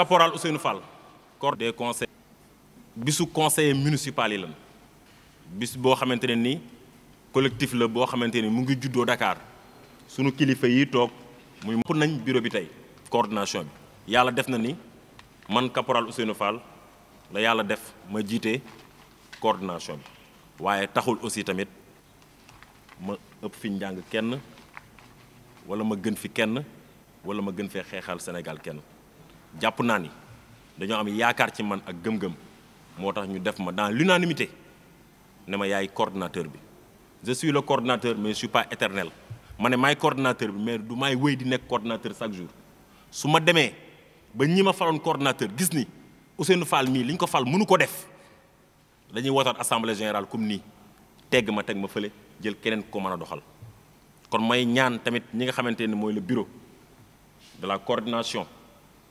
caporal Ousseynou Fall corps des conseils bisu conseil municipal yi lan bis boo xamante ne ni collectif la boo xamante ni mu ngi juddoo Dakar sunu kilifa yi toog muy mopp nañ bureau bi tey coordination bi yàlla def na ni man caporal Ousseynou Fall la yàlla def ma jiite coordination bi waaye taxul aussi tamit ma ëpp fi njàng kenn wala ma gën fi kenn wala ma gën fee xeexal Sénégal kenn jàpp naa ni dañoo am yaakaar ci man ak gëm-gëm moo tax ñu def ma dans l'unanimité ne ma yaay coordinateur bi je suis le coordinateur mais je pas éternel ma ne may coordinateur bi mais du may wéy di nekk coordinateur chaque jour su ma demee ba ñi ma faloon coordinateur gis ni Ousseynou Fall mii li ñu ko fal mënu ko def dañuy wootaat assemblée générale comme nii tegg ma teg ma fële jël keneen ko mën a doxal kon may ñaan tamit ñi nga xamante ni mooy le bureau de la coordination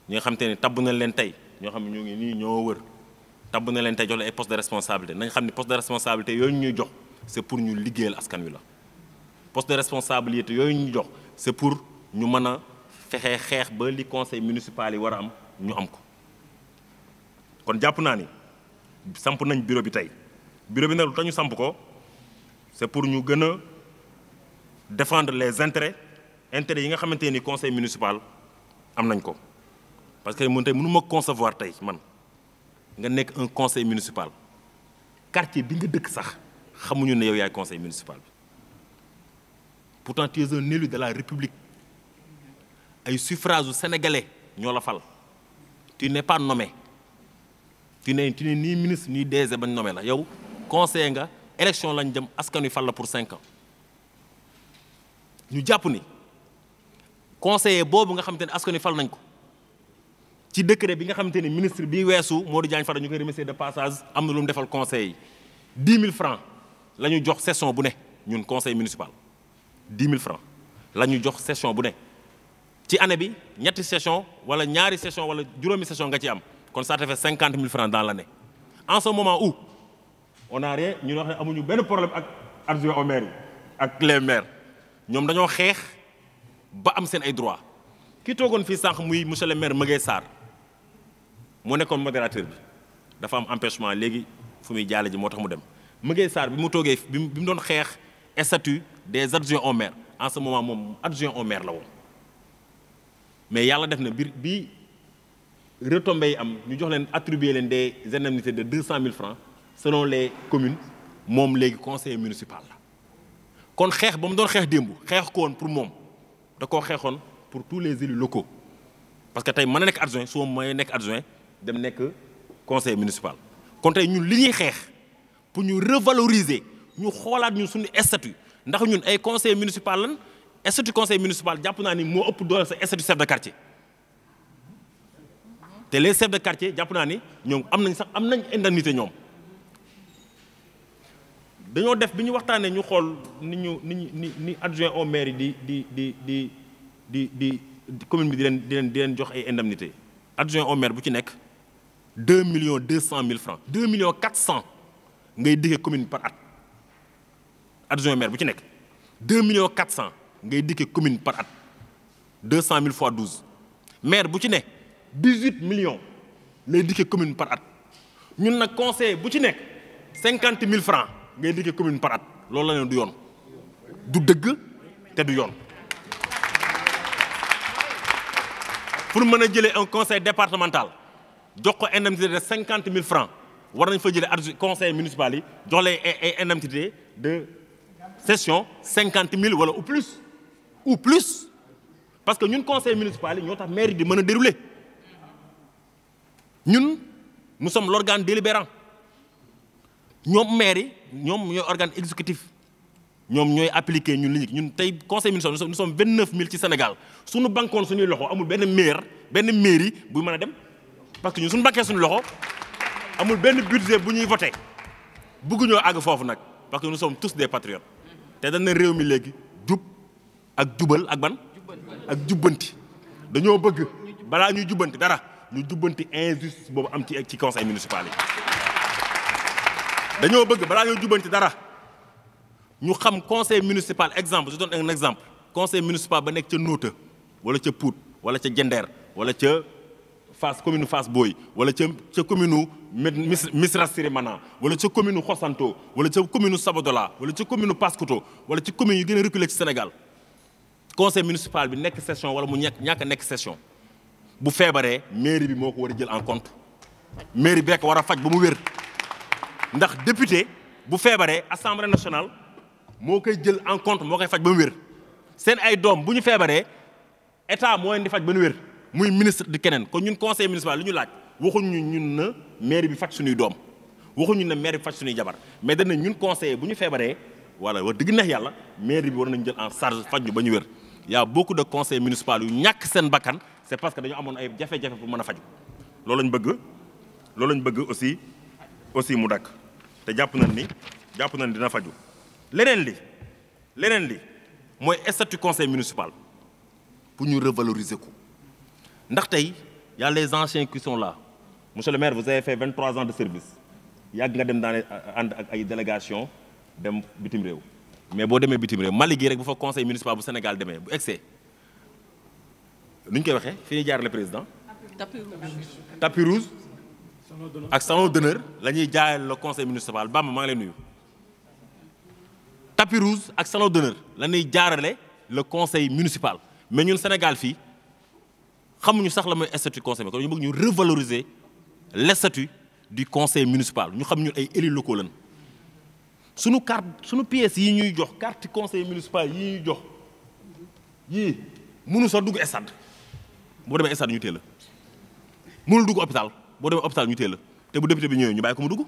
ñi nga ne tabb na leen tey ñoo xam ne ñoo ngi nii ñoo wër tabb na leen tey jox la ay post de responsabilité nañ xam ne poste de responsabilité yooyu ñuy jox c'est pour ñu liggéeyal askan wi la poste de yooyu ñu jox c'est pour ñu mën a fexe xeex ba li conseil municipal yi war a am ñu am ko kon jàpp naa ni samp nañ bureau bi tey bureau bi nag lu tax ñu samp ko c'est pour ñu gën a défendre les intérêts intérêts yi nga xamante ni conseil municipal am nañ ko parce que mun tey mënu ma concevoir tey man nga nekk un conseil municipal quartier bi nga dëkk sax xamuñu ne yow yaay conseil municipal bi pourtant tu es un élu de la république ay suffrage u ñoo la fal tu n'es pas nommé tu n'es tu n'es ni ministre ni DG bañ nommé la yow conseil nga élection lañ jëm askan wi fal la pour cinq ans ñu jàpp ni conseiller boobu nga xam te ne askan fal nañ ko ci décret bi nga xamante ni ministre bi weesu Modou Diagne Fada ñu koy remercier de passage am na lu mu defal conseil dix mille francs la ñu jox session bu ne ñun conseil municipal dix mille francs la ñu jox session bu ne ci année bi ñetti session wala ñaari session wala juróomi session nga ci am kon ça te fait cinquante mille francs dans l'année moment où on a ñu wax ne amuñu benn problème ak adjoint ak les ñoom dañoo xeex ba am seen ay droit ki toogoon fii sànq muy monsieur le maire Maguette Sarr moo nekkoon modérateur bi dafa am empêchement léegi fu muy jaale ji moo tax mu dem Mëgëy Sarr bi mu toogee bi mu doon xeex statut des adjoints au maire en ce moom adjoint au maire la woon mais yàlla def na biir bi retombées yi am ñu jox leen attribuer leen des indemnités de deux cent mille francs selon les communes moom léegi conseiller municipal la kon xeex ba mu doon xeex démb xeex ko woon pour moom da koo xeexoon pour tous les élus locaux parce que tey mën a nekk adjoint soo nekk adjoint dem nekk conseil municipal kon tey ñun li ñuy xeex pour ñu revaloriser ñu xoolaat ñu suñu statut ndax ñun ay conseil municipal lan statut conseil municipal jàpp naa ni moo ëpp doole sa statut chef de quartier te les chefs de quartier jàpp naa ni ñoom am nañ sax am nañ indemnité ñoom dañoo def bi ñu waxtaanee ñu xool ni ñu ni ni ni adjoint maire yi di di di di di di commune bi di leen di leen jox ay indemnité adjoint au maire bu ci nekk deux millions deux cent mille francs deux millions quatre cent ngay dikkee commune par at adjoint maire bu ci nekk deux millions quatre cent ngay dikkee commune par at deux cent mille fois douze maire bu ci nekk dix huit millions lay dikkee commune par at ñun nag conseil bu ci nekk cinquante mille francs ngay dikkee commune par at loolu la ne du yoon du dëgg te du yoon pour mën a jëlee un conseil départemental jox ko indemnité de cinquante mille francs war nañ fa jëlee adjoint conseil municipal yi jox leen ay de session cinquante mille wala ou plus ou plus parce que ñun conseil municipal yi ñoo tax mairie di mën a dérouler ñun nous sommes l'organe délibérant ñoom mairie ñoom ñooy organe exécutif ñoom ñooy appliqué ñun li ñun tey conseil municipal nous sommes vingt neuf mille ci Sénégal suñu bankoon suñuy loxo amul benn maire benn mairie buy mën a dem parce que ñun suñu bakkee suñu loxo amul benn budget bu ñuy voté bëgguñoo àgg foofu nag parce que nous sommes tous des patriotes te dañ ne réew mi léegi jub ak jubal ak ban ak jubbanti dañoo bëgg balaa ñuy jubbanti dara ñu jubbanti injustice boobu am ci ci conseil municipal yi dañoo bëgg balaa ñuy jubbanti dara ñu xam conseil municipal exemple je donne exemple conseil municipal ba nekk ca Notto wala ca Pout wala ca Diender wala ca Fass commune Fass booy wala ca ca commune Misra Sirimana wala ca commune Xosanto wala ca commune Sabodola wala ca commune Paskuto wala ci commune yi gën a reculé ci Sénégal conseil municipal bi nekk session wala mu ñàkk ñàkk nekk session bu feebaree mairie bi moo ko war a jël en compte mairie bee ko war a faj ba mu wér ndax député bu feebaree assemblée national moo koy jël en compte moo koy faj ba mu wér seen ay doom bu ñu feebaree état moo leen di faj ba mu wér. muy ministre di keneen kon ñun conseil municipal li ñu laaj waxuñu ñun na maire bi faj suñuy doom waxuñu na maire bi faj suñuy jabar mais dañ ne ñun conseiller bu ñu feebaree wala wax dëgg neex yàlla maire bi war nañu jël en charge faj ñu ba ñu wér y a beaucoup de conseils municipaux yu ñàkk seen bàkkan c'est parce que dañu amoon ay jafe-jafe pour mën a faju loolu lañ bëgg loolu lañu bëgg aussi aussi mu dakk te jàpp nañ ni jàpp nañ dina faju leneen li leneen li mooy statut conseil municipal pour ñu revaloriser ko ndax tey y les anciens qui son la monsieur le maire vous avez fait 23 ans de service yàgg nga dem daane ànd ak ay délégation dem bitim réew mais boo demee bitim réew Mali gii rek bu fa conseil municipal bu Sénégal demee bu egsee nu ñu koy waxee fi ñuy jaarale président. tapis rouge tapis ak salon d'honneur la ñuy jaarale le conseil municipal Bamba maa ngi lay nuyu. tapis rouge ak salon d'honneur la ñuy jaarale le conseil municipal mais ñun Sénégal fii. xamuñu sax la mooy statut conseil mais kon ñu bëgg ñu revaloriser le statut du conseil municipal ñu xam ñu ay élus locaux lañ suñu carte suñu pièces yi ñuy jox carte conseil municipal yi ñuy jox yii mënu sax dugg stade boo demee stade ñu téye la mënul dugg hôpital boo demee hôpital ñu téye la te bu député bi ñëwee ñu bàyyi ko mu dugg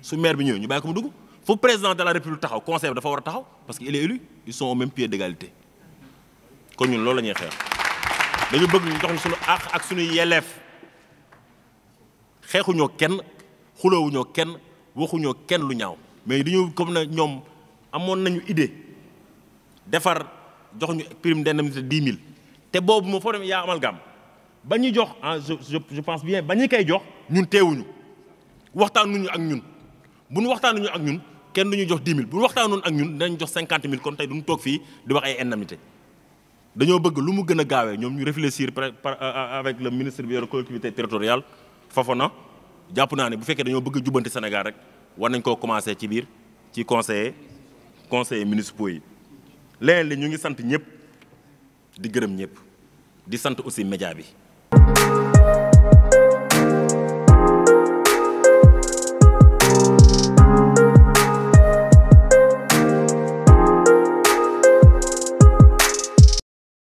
su maire bi ñëwee ñu bàyyi ko mu dugg fu président de la république taxaw conseil bi dafa war a taxaw parce que il est élu ils sont au kon ñun loolu la ñuy xeex dañu bëgg ñu jox ñu suñu àq ak suñu yelleef xeexuñoo kenn xuloowuñoo kenn waxuñoo kenn lu ñaaw mais dañu comme na ñoom amoon nañu idée defar jox ñu prime d'indemnité dix mille te boobu moo foo dem yaa amal gàmm ba ñu jox ah je je pense bien ba ñu koy jox ñun teewuñu waxtaanuñu ak ñun bu ñu waxtaanuñu ak ñun kenn du ñu jox dix mille bu ñu waxtaanuñu ak ñun dinañ jox cinquante mille kon tey duñu toog fii di wax ay indemnité dañoo bëgg lu mu gën a gaawee ñoom ñu réfléchir par euh, euh, avec le ministre bi yor collectivité territoriale Fafana jàpp naa ne bu fekkee dañoo bëgg jubanti Sénégal rek war nañ koo commencé ci biir ci conseiller conseillers municipaux yi leneen li ñu ngi sant ñëpp di gërëm ñëpp di sant aussi média bi